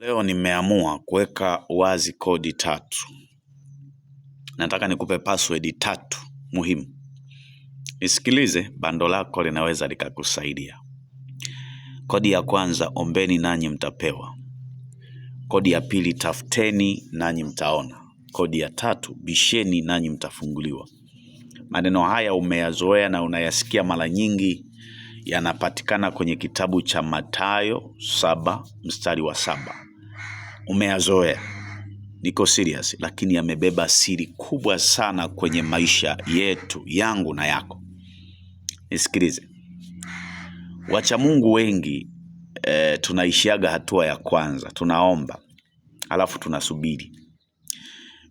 Leo nimeamua kuweka wazi kodi tatu. Nataka nikupe password tatu muhimu. Nisikilize, bando lako linaweza likakusaidia. Kodi ya kwanza, ombeni nanyi mtapewa. Kodi ya pili, tafuteni nanyi mtaona. Kodi ya tatu, bisheni nanyi mtafunguliwa. Maneno haya umeyazoea na unayasikia mara nyingi, yanapatikana kwenye kitabu cha Mathayo saba mstari wa saba umeyazoea, niko serious, lakini amebeba siri kubwa sana kwenye maisha yetu, yangu na yako. Nisikilize, wachamungu wengi e, tunaishiaga hatua ya kwanza, tunaomba alafu tunasubiri.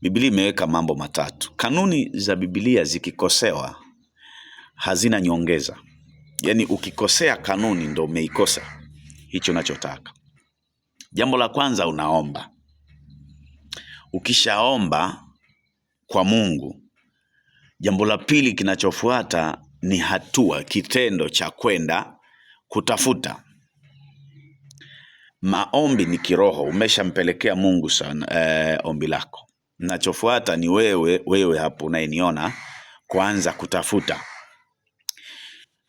Biblia imeweka mambo matatu. Kanuni za Biblia zikikosewa hazina nyongeza, yaani ukikosea kanuni ndo umeikosa hicho nachotaka. Jambo la kwanza unaomba. Ukishaomba kwa Mungu, jambo la pili kinachofuata ni hatua, kitendo cha kwenda kutafuta. Maombi ni kiroho, umeshampelekea Mungu sana eh, ombi lako. Nachofuata ni wewe, wewe hapo unayeniona, kuanza kutafuta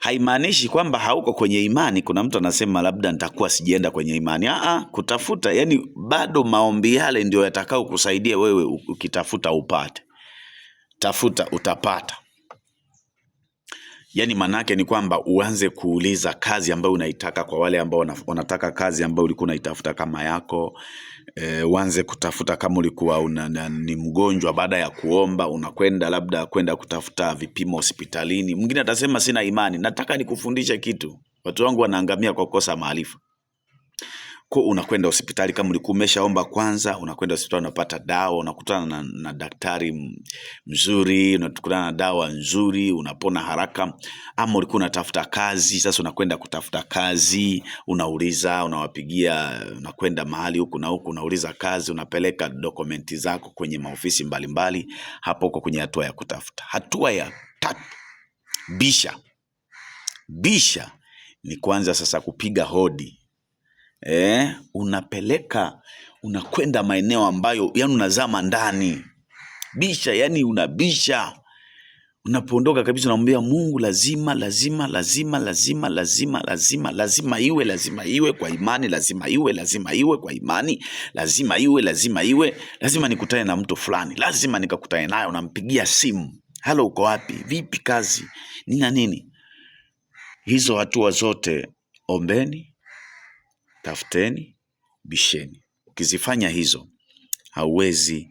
haimaanishi kwamba hauko kwenye imani. Kuna mtu anasema labda nitakuwa sijienda kwenye imani. Aa, kutafuta yani, bado maombi yale ndio yatakao kusaidia wewe. Ukitafuta upate, tafuta utapata. Yani maanake ni kwamba uanze kuuliza kazi ambayo unaitaka kwa wale ambao wanataka kazi ambayo ulikuwa unaitafuta kama yako e, uanze kutafuta kama ulikuwa una, na, ni mgonjwa, baada ya kuomba unakwenda labda kwenda kutafuta vipimo hospitalini. Mwingine atasema sina imani. Nataka nikufundishe kitu, watu wangu wanaangamia kwa kukosa maarifa. Kwa unakwenda hospitali kama ulikuwa umeshaomba kwanza, unakwenda hospitali unapata dawa, unakutana na, na daktari mzuri, unakutana na dawa nzuri, unapona haraka. Ama ulikuwa unatafuta kazi, sasa unakwenda kutafuta kazi, unauliza, unawapigia, unakwenda mahali huku na huku, unauliza kazi, unapeleka dokumenti zako kwenye maofisi mbalimbali mbali. Hapo uko kwenye hatua ya kutafuta. Hatua ya tatu, bisha bisha, ni kwanza sasa kupiga hodi eh, unapeleka unakwenda maeneo ambayo yani unazama ndani bisha, yani unabisha. Unapoondoka kabisa, unamwambia Mungu, lazima lazima lazima lazima lazima lazima lazima iwe lazima iwe kwa imani, lazima iwe lazima iwe kwa imani, lazima iwe lazima iwe, lazima nikutane na mtu fulani, lazima nikakutane naye. Unampigia simu, halo, uko wapi? Vipi kazi? Nina nini? Hizo hatua zote, ombeni tafuteni, bisheni. Ukizifanya hizo hauwezi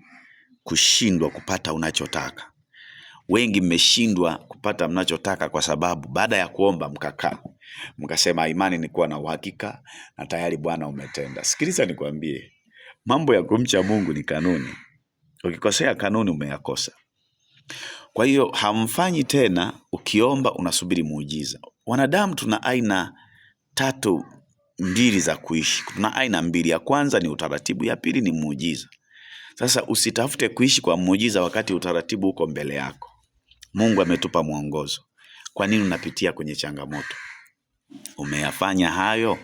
kushindwa kupata unachotaka. Wengi mmeshindwa kupata mnachotaka kwa sababu baada ya kuomba mkakaa mkasema, imani ni kuwa na uhakika na tayari Bwana umetenda. Sikiliza nikwambie, mambo ya kumcha Mungu ni kanuni. Ukikosea kanuni, umeyakosa. Kwa hiyo hamfanyi tena, ukiomba unasubiri muujiza. Wanadamu tuna aina tatu mbili za kuishi. Tuna aina mbili, ya kwanza ni utaratibu, ya pili ni muujiza. Sasa usitafute kuishi kwa muujiza wakati utaratibu uko mbele yako. Mungu ametupa mwongozo. Kwa nini unapitia kwenye changamoto? Umeyafanya hayo?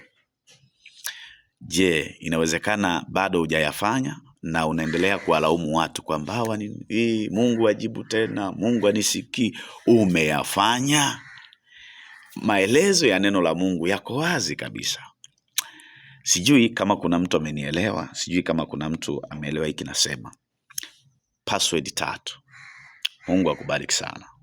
Je, inawezekana bado hujayafanya na unaendelea kuwalaumu watu kwamba hawa ni hii, Mungu ajibu tena, Mungu anisikii. Umeyafanya? Maelezo ya neno la Mungu yako wazi kabisa. Sijui kama kuna mtu amenielewa, sijui kama kuna mtu ameelewa hiki nasema. Password tatu. Mungu akubariki sana.